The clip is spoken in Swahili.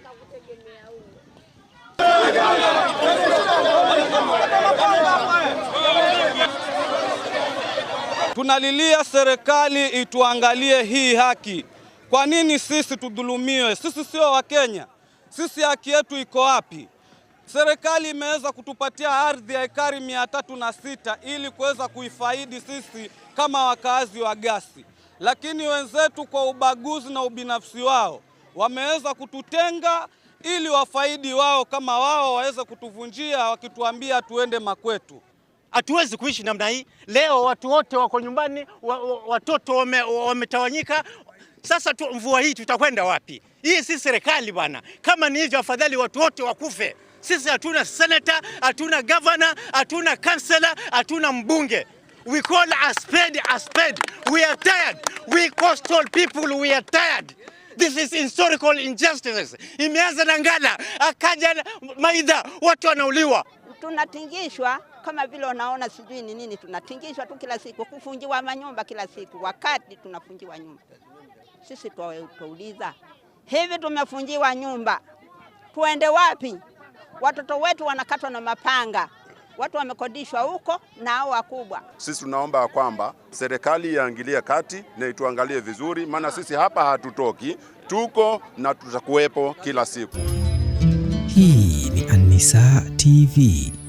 Kakutegemea huyo tunalilia serikali ituangalie hii haki. Kwa nini sisi tudhulumiwe? Sisi sio Wakenya? Sisi haki yetu iko wapi? Serikali imeweza kutupatia ardhi ya ekari mia tatu na sita ili kuweza kuifaidi sisi kama wakaazi wa Gasi, lakini wenzetu kwa ubaguzi na ubinafsi wao wameweza kututenga ili wafaidi wao kama wao waweze kutuvunjia, wakituambia tuende makwetu. Hatuwezi kuishi namna hii. Leo watu wote wako nyumbani, watoto wametawanyika, wame sasa tu, mvua hii tutakwenda wapi? Hii si serikali bwana. Kama ni hivyo, afadhali watu wote wakufe. Sisi hatuna senata, hatuna governor, hatuna kansela, hatuna mbunge. We call a spade a spade. We are tired. We coastal people, we are tired. This is historical injustice. Imeanza na Ngala, akaja Maidha, watu wanauliwa, tunatingishwa kama vile unaona sijui ni nini, tunatingishwa tu kila siku, kufungiwa manyumba kila siku, wakati tunafungiwa nyumba. Sisi twauliza hivi, tumefungiwa nyumba, tuende wapi? Watoto wetu wanakatwa na mapanga, watu wamekodishwa huko na hao wakubwa. Sisi tunaomba kwamba serikali iangilie kati na ituangalie vizuri, maana sisi hapa hatutoki, tuko na tutakuwepo kila siku. Hii ni Anisa TV.